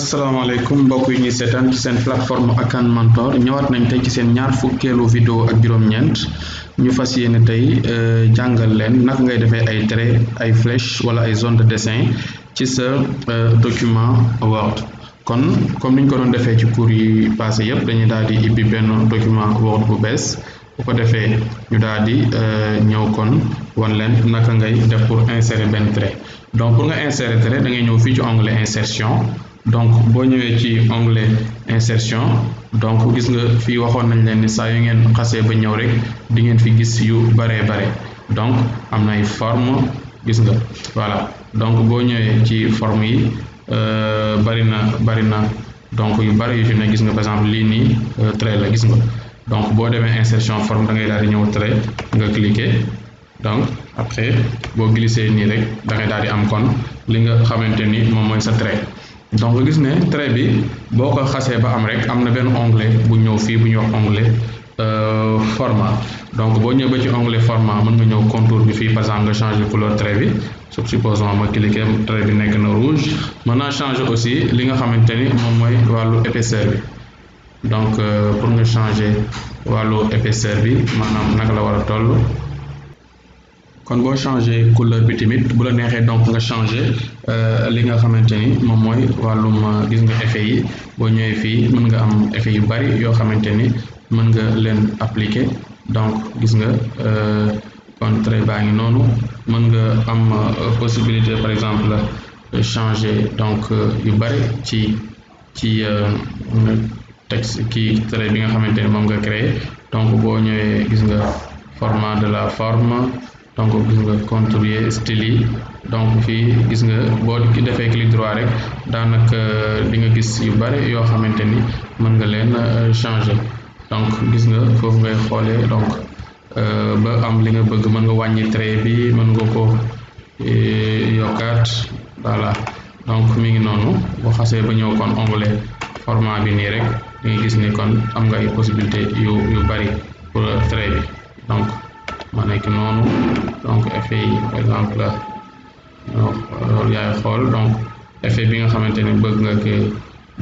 asalaamaaleykum mbokk yi ñuy seetaan ci seen plateforme Akan Mentor ñëwaat nañ tey ci seen ñaar fukkeelu vidéo ak juróom-ñeent ñu fas yéene tey euh, jàngal leen naka ngay defee ay trait ay flèche wala ay zone de dessin ci sa euh, document Word kon comme ni ñu ko doon defee ci cours yi passé yépp dañuy daal di ibbi benn document Word bu bees bu ko defee ñu daal di euh, ñëw kon wan leen naka ngay def pour insérer benn trait donc pour nga insérer trait da ngay ñëw fii ci onglet insertion donc boo ñëwee ci onglet insertion donc gis nga fii waxoon nañ leen ni saa yu ngeen xasee ba ñëw rek dingeen fi gis yu baree bare donc am na ay forme gis nga voilà donc boo ñëwee ci forme yi euh, bari na bari na donc yu bari yu fi ne gis nga par exemple lii nii euh, trait la gis nga donc boo demee insertion forme da ngay daal di ñëw trait nga cliquer donc après boo glissé nii rek da ngay daal di am kon li nga xamante ni moom mooy sa trait donc gis ne trait bi boo ko xasee ba am rek am na benn onglet bu ñëw fii bu ñëw wax onglet euh, format donc boo ñëw ba ci onglet format mën nga ñëw contour bi fii par exemple nga changer couleur trait bi su supposons ma cliquer trait bi nekk na rouge mën naa changer aussi li nga xamante ni moom mooy wàllu épaisseur bi donc euh, pour nga changer wàllu épaisseur bi maanaam naka la war a toll kon boo changé couleur bi tamit bu la neexee donc nga changé euh, li nga xamante ni moom mooy wàllum euh, gis nga effet yi boo ñëwee fii mën nga am effet yu bari yoo xamante ni mën nga leen appliquer donc gis nga euh, contré baa ngi noonu mën nga am possibilité par exemple changer donc yu bari ci ci texte kii trait bi nga xamante ni moom nga créé donc boo ñëwee gis nga format de la forme donc gis nga contourner style donc fii gis nga boo defee clic droit rek daanaka euh, di nga gis yu bare yoo xamante ni mën nga leen euh, changer donc gis nga foofu ngay xoolee donc euh, ba am li nga bëgg mën nga wàññi trait bi mën nga ko yokkaat voilà donc mi ngi noonu boo xasee ba ñëw kon onglet format bi nii rek di nga gis ni kon am nga ay possibilité yu yu bari pour trait bi moo nekk noonu donc effet yi par exemple euh, euh, yaay xool donc effet bi nga xamante ni bëgg nga ko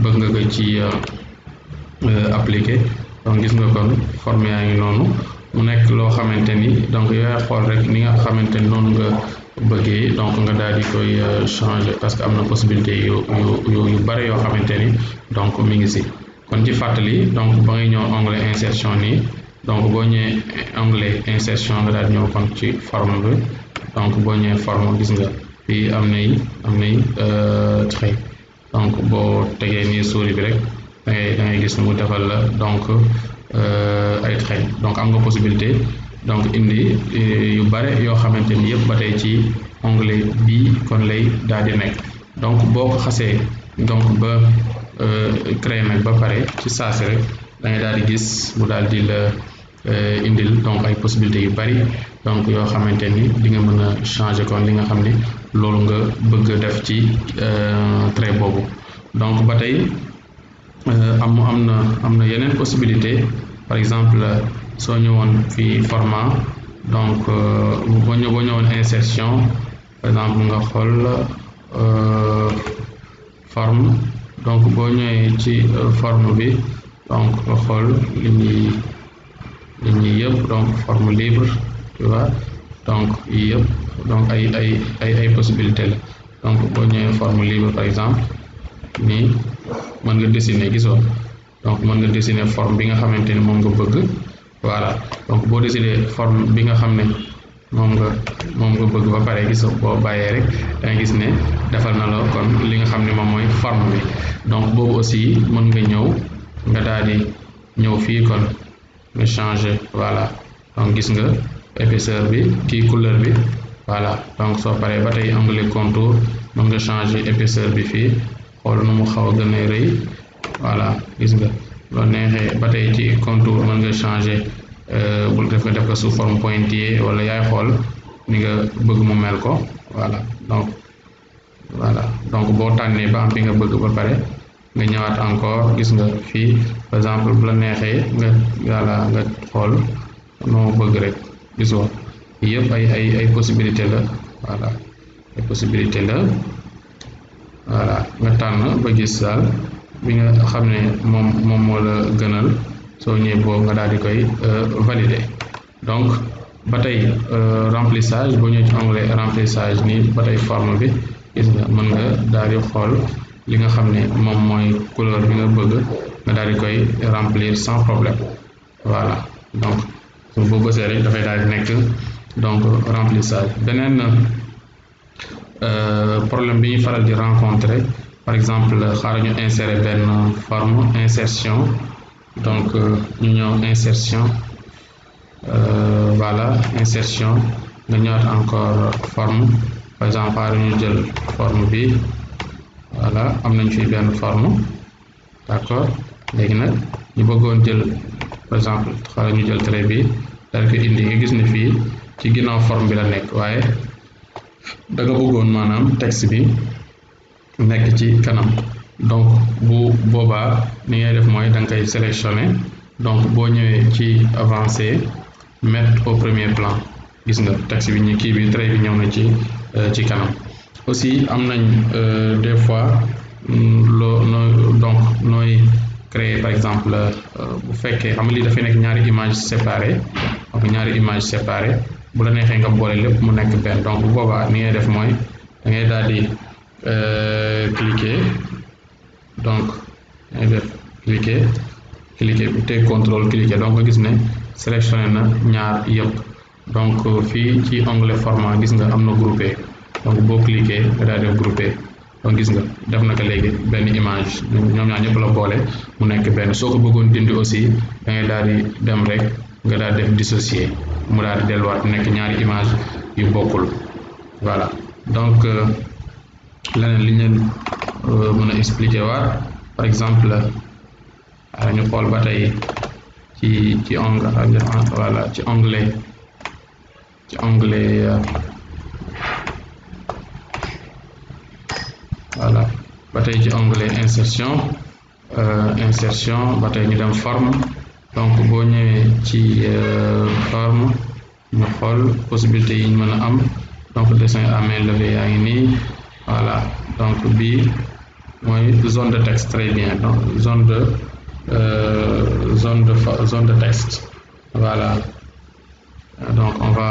bëgg nga ko ci euh, appliqué donc gis nga kon forme yaa ngi noonu mu nekk loo xamante ni donc yaay xool rek ni nga xamante ni noonu nga bëggee donc nga daal di koy changé parce que am na possibilité yu yu yu bare yoo xamante ni donc mi ngi si kon ci fàttali donc ba ngay ñëw onglet insertion nii donc boo ñëwee onglet insertion nga daal ñëw kon ci forme bi donc boo ñëwee forme gis nga fii am nay am na nay euh, trait donc boo tegee nii souris bi rek da ngay gis mu defal la donc euh, ay trait donc am nga possibilité donc indi euh, yu bare yoo xamante ni yëpp ba tey ci onglet bii kon lay daal di nekk donc boo ko xasee donc ba créer nag ba pare ci saasi rek dangay daal di gis mu daal di la euh, indil donc ay possibilités yu bari donc yoo xamante ni di nga mën a changer kon li nga xam ni loolu nga bëgg def ci euh, trait boobu donc ba tey euh, am am na am na yeneen possibilité par exemple soo ñëwoon fi format donc boo ñëw ñëwoon insertion par exemple nga xool forme donc boo ñëwee ci forme bi donc nga xool li ñuy li ñuy yëpp donc forme libre tu vois donc yii yëpp donc ay ay ay ay possibilité la donc boo ñëwee forme libre par exemple nii mën nga dessiner gisoo donc mën nga dessiner forme bi nga xamante ni moom nga bëgg voilà boo dessiner forme bi nga xam ne moom nga moom nga bëgg ba pare gisoo boo bàyyee rek danga gis ne defal na la kon li nga xam ne moom mooy forme bi donc boobu aussi mën nga ñëw nga daal ñëw fii kon nga changer voilà donc gis nga épaisseur bi ki couleur bi voilà donc soo paree ba tey onglet contour mën nga changé épaisseur bi fii xool nu mu xaw a gën a rëy voilà gis nga loo ba tey ci contour mën nga changé euh, bul def nga def ko sous forme pointillé wala yaay xool ni nga bëgg mu mel ko voilà donc donc boo tànnee ba am bi nga bëgg ba pare nga ñëwaat encore gis nga fii par exemple bu la neexee nga nga xool noo bëgg rek gisoo yëpp ay ay ay possibilité la voilà ay possibilité la voilà nga tànn ba gis daal bi nga xam ne moom moom moo la gënal soo ñëwee boobu nga daal di koy euh, valider donc ba tey euh, remplissage boo ñëwee ci onglet remplissage nii ba tey forme bi gis nga mën nga daal di xool li nga xam ne moom mooy couleur bi nga bëgg nga daal di koy remplir sans problème voilà donc boo bësee rek dafay daal di nekk donc saa beneen euh, problème bi ñuy faral di rencontrer par exemple xaaral ñu insérer benn forme insertion donc ñu ñëw insertion euh, voilà insertion nga ñëwaat encore forme par exemple xaaral ñu jël forme bi voilà am nañ fi benn forme d'accord léegi nag ñu bëggoon jël par exemple xaaral ñu jël trait bi daal ko indi nga gis ne fii ci ginnaaw forme bi la nekk waaye da nga bëggoon maanaam texte bi nekk ci kanam donc bu boobaa ni ngay def mooy da nga koy sélectionné donc boo ñëwee ci avancé mettre au premier plan gis nga texte bi ñu kii bi trait bi ñëw na ci euh, ci kanam aussi am nañ euh, des fois mm, loo noo donc nooy créer par exemple euh, bu fekkee xam nga lii dafay nekk ñaari image séparées donc ñaari image séparées bu la neexee nga boole lépp mu nekk benn donc bu boobaa ni ngay def mooy da ngay daal di euh, cliquer donc da ngay te cliquer cliquer bu teg donc nga gis ne sélectionné na ñaar yëpp donc fii ci onglet format gis nga am na groupe donc boo cliquer nga daal def groupé donc gis nga def na ko léegi benn image ñoom ñaar ñëpp la boole mu nekk benn soo ko bëggoon dindi aussi da daal di dem rek nga daal def dissocier mu daal di delluwaat nekk ñaari image yu bokkul voilà donc euh, leneen li ñu euh, mën a expliquer waat par exemple euh, ñu xool ba tey ci ci onglet ci onglet ci onglet voilà ba tey ci onglet insertion euh, insertion ba tey ñu dem forme donc boo ñëwee ci euh, forme ñu xool possibilité yi ñu mën a am donc dessin à main levée yaa ngi nii voilà donc bi mooy zone de texte très bien donc zone de euh, zone de zone de texte voilà donc on va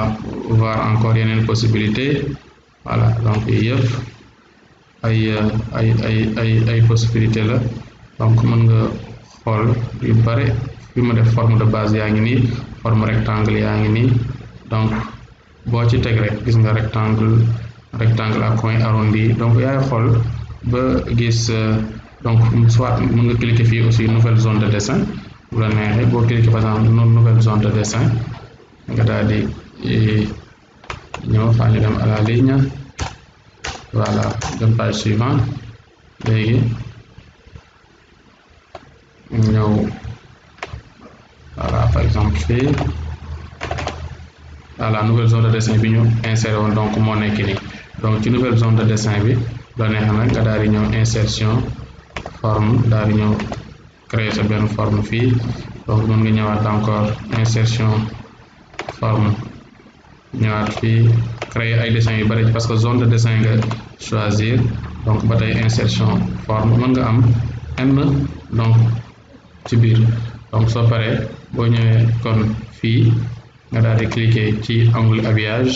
voir encore yeneen possibilité voilà donc yëpp ay ay ay ay ay la donc mën nga xool yu pare fi ma def forme de base yaa ngi nii forme rectangle yaa ngi nii donc boo ci teg rek gis nga rectangle rectangle ak coin arrondi donc yaay xool ba gis euh, donc soit mën nga cliquer fii aussi nouvelle zone de dessin bu la neexee boo cliquer par exemple nouvelle zone de dessin nga daal eh, ñëw faa ñu dem à voilà dem page léegi ñëw voilà par exemple fii voilà nouvelle zone de dessin bi ñu inséré woon donc moo nekk nii donc ci nouvelle zone de dessin bi la neex nag nga daal di ñëw insertion forme daal di ñëw créer sa benn forme fii donc mën nga ñëwaat encore insertion forme ñëwaat fii créer ay dessins yu bari parce que zone de dessin nga choisir donc ba tey insertion forme mën nga am n donc ci biir donc soo paree boo ñëwee kon fii nga daal di cliquer ci angle habillage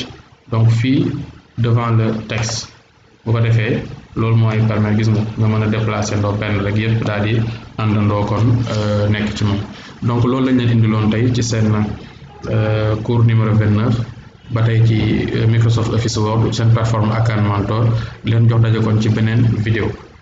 donc fii devant le texte bu ko defee loolu mooy permettre gis nga nga mën a déplacer ndoo pen rek yëpp daal di àndandoo kon euh, nekk ci moom donc loolu lañ leen indiloon tey ci seen euh, cours numéro 29 ba tey ci euh, Microsoft Office Word seen plateforme ak Mentor leen jox daje kon ci beneen vidéo